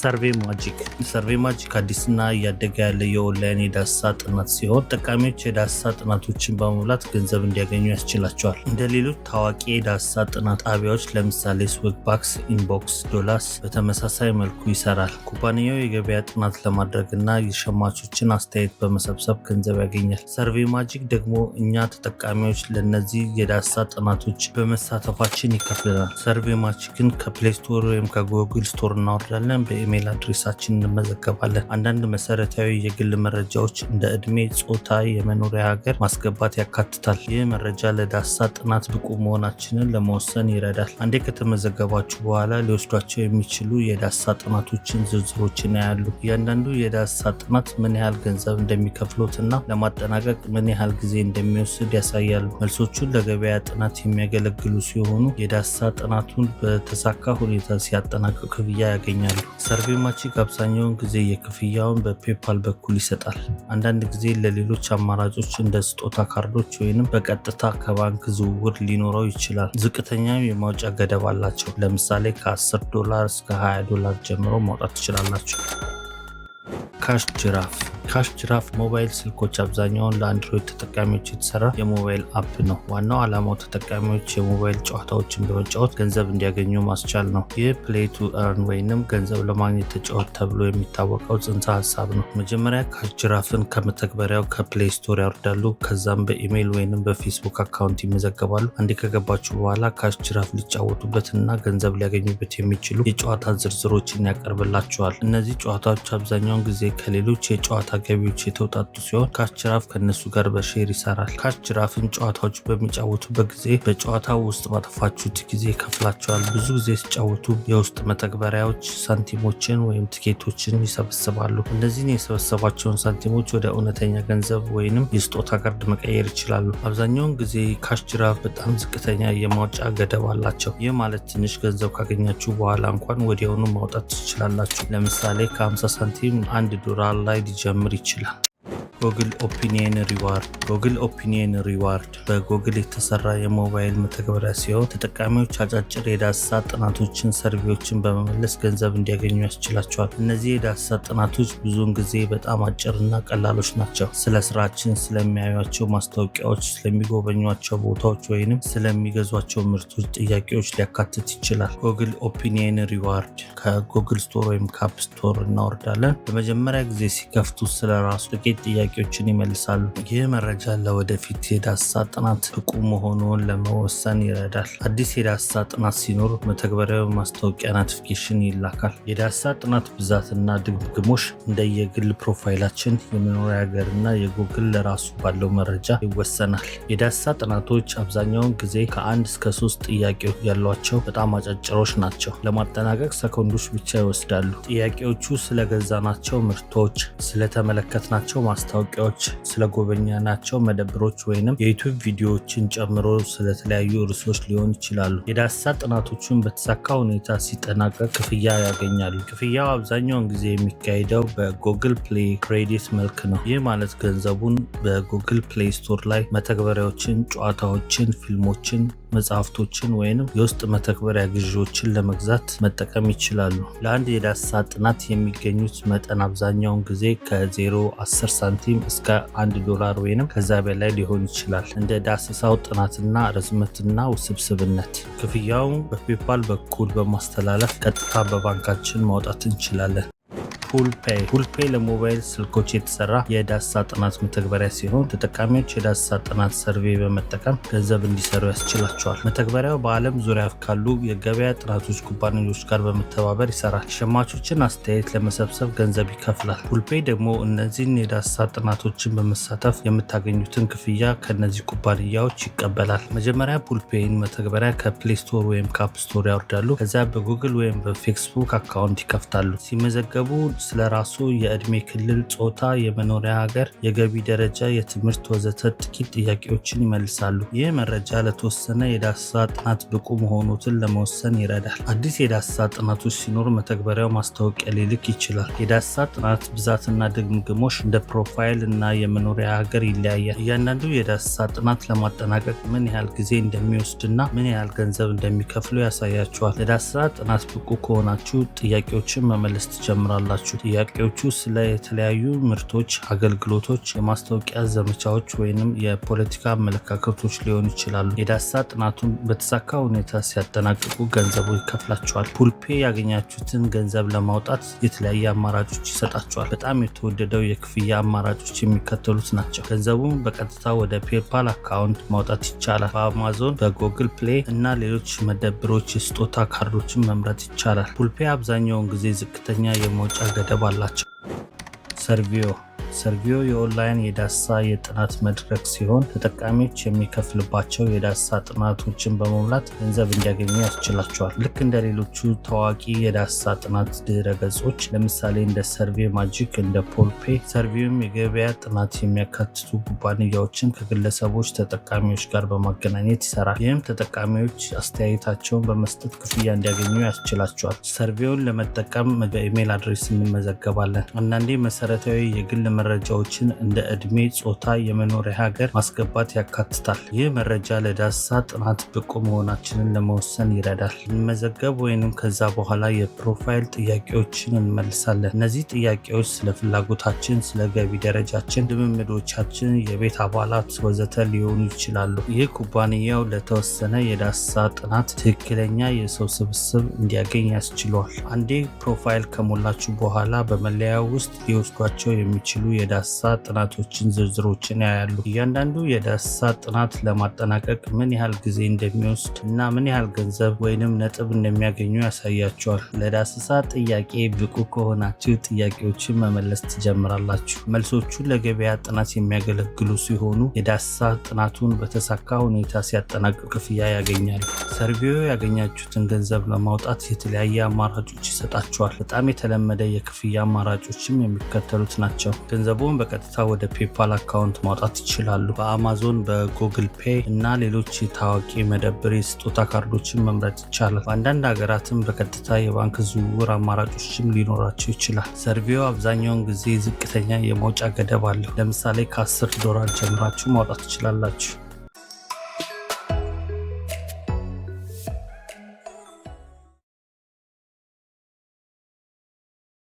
ሰርቬ ማጂክ ሰርቬ ማጂክ አዲስና እያደገ ያለ የኦንላይን የዳሳ ጥናት ሲሆን ጠቃሚዎች የዳሳ ጥናቶችን በመሙላት ገንዘብ እንዲያገኙ ያስችላቸዋል። እንደ ሌሎች ታዋቂ የዳሳ ጥናት ጣቢያዎች ለምሳሌ ስዊግባክስ፣ ኢንቦክስ፣ ዶላስ በተመሳሳይ መልኩ ይሰራል። ኩባንያው የገበያ ጥናት ለማድረግና የሸማቾችን አስተያየት በመሰብሰብ ገንዘብ ያገኛል። ሰርቬ ማጂክ ደግሞ እኛ ተጠቃሚዎች ለእነዚህ የዳሳ ጥናቶች በመሳተፋችን ይከፍለናል። ሰርቬ ማጂክን ከፕሌይ ስቶር ወይም ከጉግል ስቶር እናወርዳለን። በኢሜይል አድሬሳችን እንመዘገባለን። አንዳንድ መሰረታዊ የግል መረጃዎች እንደ እድሜ ጾታ፣ የመኖሪያ ሀገር ማስገባት ያካትታል። ይህ መረጃ ለዳሳ ጥናት ብቁ መሆናችንን ለመወሰን ይረዳል። አንዴ ከተመዘገባችሁ በኋላ ሊወስዷቸው የሚችሉ የዳሳ ጥናቶችን ዝርዝሮችን ያያሉ። እያንዳንዱ የዳሳ ጥናት ምን ያህል ገንዘብ እንደሚከፍሉት እና ለማጠናቀቅ ምን ያህል ጊዜ እንደሚወስድ ያሳያሉ። መልሶቹን ለገበያ ጥናት የሚያገለግሉ ሲሆኑ የዳሳ ጥናቱን በተሳካ ሁኔታ ሲያጠናቅቅ ክፍያ ያገኛሉ። አርቢማቺክ አብዛኛውን ጊዜ የክፍያውን በፔፓል በኩል ይሰጣል። አንዳንድ ጊዜ ለሌሎች አማራጮች እንደ ስጦታ ካርዶች ወይም በቀጥታ ከባንክ ዝውውር ሊኖረው ይችላል። ዝቅተኛ የማውጫ ገደብ አላቸው። ለምሳሌ ከ10 ዶላር እስከ 20 ዶላር ጀምሮ ማውጣት ትችላላቸው። ካሽ ጅራፍ ካሽ ጅራፍ ሞባይል ስልኮች አብዛኛውን ለአንድሮይድ ተጠቃሚዎች የተሰራ የሞባይል አፕ ነው። ዋናው ዓላማው ተጠቃሚዎች የሞባይል ጨዋታዎችን በመጫወት ገንዘብ እንዲያገኙ ማስቻል ነው። ይህ ፕሌይ ቱ ወይንም ገንዘብ ለማግኘት ተጫወት ተብሎ የሚታወቀው ጽንሰ ሀሳብ ነው። መጀመሪያ ካሽ ጅራፍን ከመተግበሪያው ከፕሌይ ስቶር ያወርዳሉ። ከዛም በኢሜይል ወይንም በፌስቡክ አካውንት ይመዘገባሉ። አንዴ ከገባችሁ በኋላ ካሽ ጅራፍ ሊጫወቱበትና ገንዘብ ሊያገኙበት የሚችሉ የጨዋታ ዝርዝሮችን ያቀርብላቸዋል። እነዚህ ጨዋታዎች አብዛኛውን ጊዜ ከሌሎች የጨዋታ ገቢዎች የተውጣጡ ሲሆን ካችራፍ ከነሱ ጋር በሼር ይሰራል። ካችራፍን ጨዋታዎች በሚጫወቱበት ጊዜ በጨዋታው ውስጥ ባጠፋችሁት ጊዜ ይከፍላቸዋል። ብዙ ጊዜ ሲጫወቱ የውስጥ መተግበሪያዎች ሳንቲሞችን ወይም ትኬቶችን ይሰበስባሉ። እነዚህን የሰበሰባቸውን ሳንቲሞች ወደ እውነተኛ ገንዘብ ወይንም የስጦታ ካርድ መቀየር ይችላሉ። አብዛኛውን ጊዜ ካችራፍ በጣም ዝቅተኛ የማውጫ ገደብ አላቸው። ይህ ማለት ትንሽ ገንዘብ ካገኛችሁ በኋላ እንኳን ወዲያውኑ ማውጣት ትችላላችሁ። ለምሳሌ ከ50 ሳንቲም አንድ ዶላር ላይ ሊጀምር Richland. ጎግል ኦፒኒየን ሪዋርድ ጎግል ኦፒኒየን ሪዋርድ በጎግል የተሰራ የሞባይል መተግበሪያ ሲሆን ተጠቃሚዎች አጫጭር የዳሰሳ ጥናቶችን፣ ሰርቪዎችን በመመለስ ገንዘብ እንዲያገኙ ያስችላቸዋል። እነዚህ የዳሰሳ ጥናቶች ብዙውን ጊዜ በጣም አጭርና ቀላሎች ናቸው። ስለ ስራችን፣ ስለሚያዩቸው ማስታወቂያዎች፣ ስለሚጎበኟቸው ቦታዎች ወይንም ስለሚገዟቸው ምርቶች ጥያቄዎች ሊያካትት ይችላል። ጎግል ኦፒኒየን ሪዋርድ ከጎግል ስቶር ወይም ካፕ ስቶር እናወርዳለን። በመጀመሪያ ጊዜ ሲከፍቱ ስለ ራሱ ጥቂት ጥያቄ ጥያቄዎችን ይመልሳሉ። ይህ መረጃ ለወደፊት የዳሰሳ ጥናት ብቁ መሆኑን ለመወሰን ይረዳል። አዲስ የዳሰሳ ጥናት ሲኖር መተግበሪያዊ ማስታወቂያ ኖቲፊኬሽን ይላካል። የዳሰሳ ጥናት ብዛትና ድግምግሞሽ እንደየግል ፕሮፋይላችን፣ የመኖሪያ ሀገርና የጉግል ለራሱ ባለው መረጃ ይወሰናል። የዳሰሳ ጥናቶች አብዛኛውን ጊዜ ከአንድ እስከ ሶስት ጥያቄዎች ያሏቸው በጣም አጫጭሮች ናቸው። ለማጠናቀቅ ሰኮንዶች ብቻ ይወስዳሉ። ጥያቄዎቹ ስለገዛናቸው ምርቶች፣ ስለተመለከትናቸው ማስታወ ማስታወቂያዎች ናቸው መደብሮች ወይንም የዩቱብ ቪዲዮዎችን ጨምሮ ስለተለያዩ ርዕሶች ሊሆን ይችላሉ። የዳሰሳ ጥናቶቹን በተሳካ ሁኔታ ሲጠናቀቅ ክፍያ ያገኛሉ። ክፍያው አብዛኛውን ጊዜ የሚካሄደው በጉግል ፕሌይ ክሬዲት መልክ ነው። ይህ ማለት ገንዘቡን በጉግል ፕሌይ ስቶር ላይ መተግበሪያዎችን፣ ጨዋታዎችን፣ ፊልሞችን መጽሐፍቶችን ወይም የውስጥ መተግበሪያ ግዢዎችን ለመግዛት መጠቀም ይችላሉ። ለአንድ የዳሰሳ ጥናት የሚገኙት መጠን አብዛኛውን ጊዜ ከ0 10 ሳንቲም እስከ 1 ዶላር ወይም ከዛ በላይ ሊሆን ይችላል። እንደ ዳሰሳው ጥናትና ርዝመትና ውስብስብነት ክፍያውን በፔፓል በኩል በማስተላለፍ ቀጥታ በባንካችን ማውጣት እንችላለን። ፑልፔይ ፑልፔይ ለሞባይል ስልኮች የተሰራ የዳሳ ጥናት መተግበሪያ ሲሆን ተጠቃሚዎች የዳሳ ጥናት ሰርቬ በመጠቀም ገንዘብ እንዲሰሩ ያስችላቸዋል። መተግበሪያው በዓለም ዙሪያ ካሉ የገበያ ጥናቶች ኩባንያዎች ጋር በመተባበር ይሰራል። ሸማቾችን አስተያየት ለመሰብሰብ ገንዘብ ይከፍላል። ፑልፔይ ደግሞ እነዚህን የዳሳ ጥናቶችን በመሳተፍ የምታገኙትን ክፍያ ከእነዚህ ኩባንያዎች ይቀበላል። መጀመሪያ ፑልፔይን መተግበሪያ ከፕሌይ ስቶር ወይም ከአፕ ስቶር ያወርዳሉ። ከዚያ በጉግል ወይም በፌስቡክ አካውንት ይከፍታሉ። ሲመዘገቡ ስለ ራሱ የእድሜ ክልል፣ ጾታ፣ የመኖሪያ ሀገር፣ የገቢ ደረጃ፣ የትምህርት ወዘተ ጥቂት ጥያቄዎችን ይመልሳሉ። ይህ መረጃ ለተወሰነ የዳሰሳ ጥናት ብቁ መሆኑትን ለመወሰን ይረዳል። አዲስ የዳሰሳ ጥናቶች ሲኖር መተግበሪያው ማስታወቂያ ሊልክ ይችላል። የዳሰሳ ጥናት ብዛትና ድግምግሞሽ እንደ ፕሮፋይል እና የመኖሪያ ሀገር ይለያያል። እያንዳንዱ የዳሰሳ ጥናት ለማጠናቀቅ ምን ያህል ጊዜ እንደሚወስድና ምን ያህል ገንዘብ እንደሚከፍሉ ያሳያቸዋል። ለዳሰሳ ጥናት ብቁ ከሆናችሁ ጥያቄዎችን መመለስ ትጀምራላችሁ። ናቸው። ጥያቄዎቹ ስለ የተለያዩ ምርቶች፣ አገልግሎቶች፣ የማስታወቂያ ዘመቻዎች ወይንም የፖለቲካ አመለካከቶች ሊሆኑ ይችላሉ። የዳሳ ጥናቱን በተሳካ ሁኔታ ሲያጠናቅቁ ገንዘቡ ይከፍላቸዋል። ፑልፔ ያገኛችሁትን ገንዘብ ለማውጣት የተለያየ አማራጮች ይሰጣቸዋል። በጣም የተወደደው የክፍያ አማራጮች የሚከተሉት ናቸው። ገንዘቡን በቀጥታ ወደ ፔፓል አካውንት ማውጣት ይቻላል። በአማዞን በጎግል ፕሌይ እና ሌሎች መደብሮች የስጦታ ካርዶችን መምረጥ ይቻላል። ፑልፔ አብዛኛውን ጊዜ ዝቅተኛ የመውጫ ገደብ አላቸው። ሰርቪዮ ሰርቪዮ የኦንላይን የዳሳ የጥናት መድረክ ሲሆን ተጠቃሚዎች የሚከፍልባቸው የዳሳ ጥናቶችን በመሙላት ገንዘብ እንዲያገኙ ያስችላቸዋል። ልክ እንደ ሌሎቹ ታዋቂ የዳሳ ጥናት ድረ ገጾች ለምሳሌ እንደ ሰርቬ ማጂክ፣ እንደ ፖልፔ ሰርቪዮም የገበያ ጥናት የሚያካትቱ ኩባንያዎችን ከግለሰቦች ተጠቃሚዎች ጋር በማገናኘት ይሰራል። ይህም ተጠቃሚዎች አስተያየታቸውን በመስጠት ክፍያ እንዲያገኙ ያስችላቸዋል። ሰርቬውን ለመጠቀም በኢሜይል አድሬስ እንመዘገባለን። አንዳንዴ መሰረታዊ የግል መረጃዎችን እንደ ዕድሜ፣ ጾታ፣ የመኖሪያ ሀገር ማስገባት ያካትታል። ይህ መረጃ ለዳሰሳ ጥናት ብቁ መሆናችንን ለመወሰን ይረዳል። እንመዘገብ ወይንም ከዛ በኋላ የፕሮፋይል ጥያቄዎችን እንመልሳለን። እነዚህ ጥያቄዎች ስለ ፍላጎታችን፣ ስለ ገቢ ደረጃችን፣ ልምምዶቻችን፣ የቤት አባላት ወዘተ ሊሆኑ ይችላሉ። ይህ ኩባንያው ለተወሰነ የዳሰሳ ጥናት ትክክለኛ የሰው ስብስብ እንዲያገኝ ያስችለዋል። አንዴ ፕሮፋይል ከሞላችሁ በኋላ በመለያው ውስጥ ሊወስዷቸው የሚችሉ የዳሳ ጥናቶችን ዝርዝሮችን ያያሉ። እያንዳንዱ የዳሳ ጥናት ለማጠናቀቅ ምን ያህል ጊዜ እንደሚወስድ እና ምን ያህል ገንዘብ ወይንም ነጥብ እንደሚያገኙ ያሳያቸዋል። ለዳሰሳ ጥያቄ ብቁ ከሆናችሁ ጥያቄዎችን መመለስ ትጀምራላችሁ። መልሶቹ ለገበያ ጥናት የሚያገለግሉ ሲሆኑ የዳሳ ጥናቱን በተሳካ ሁኔታ ሲያጠናቅቅ ክፍያ ያገኛሉ። ሰርቪዮ ያገኛችሁትን ገንዘብ ለማውጣት የተለያየ አማራጮች ይሰጣቸዋል። በጣም የተለመደ የክፍያ አማራጮችም የሚከተሉት ናቸው። ገንዘቡን በቀጥታ ወደ ፔፓል አካውንት ማውጣት ይችላሉ። በአማዞን በጉግል ፔይ እና ሌሎች ታዋቂ መደብር የስጦታ ካርዶችን መምረጥ ይቻላል። በአንዳንድ ሀገራትም በቀጥታ የባንክ ዝውውር አማራጮችም ሊኖራቸው ይችላል። ሰርቪው አብዛኛውን ጊዜ ዝቅተኛ የመውጫ ገደብ አለው። ለምሳሌ ከ10 ዶላር ጀምራችሁ ማውጣት ትችላላችሁ።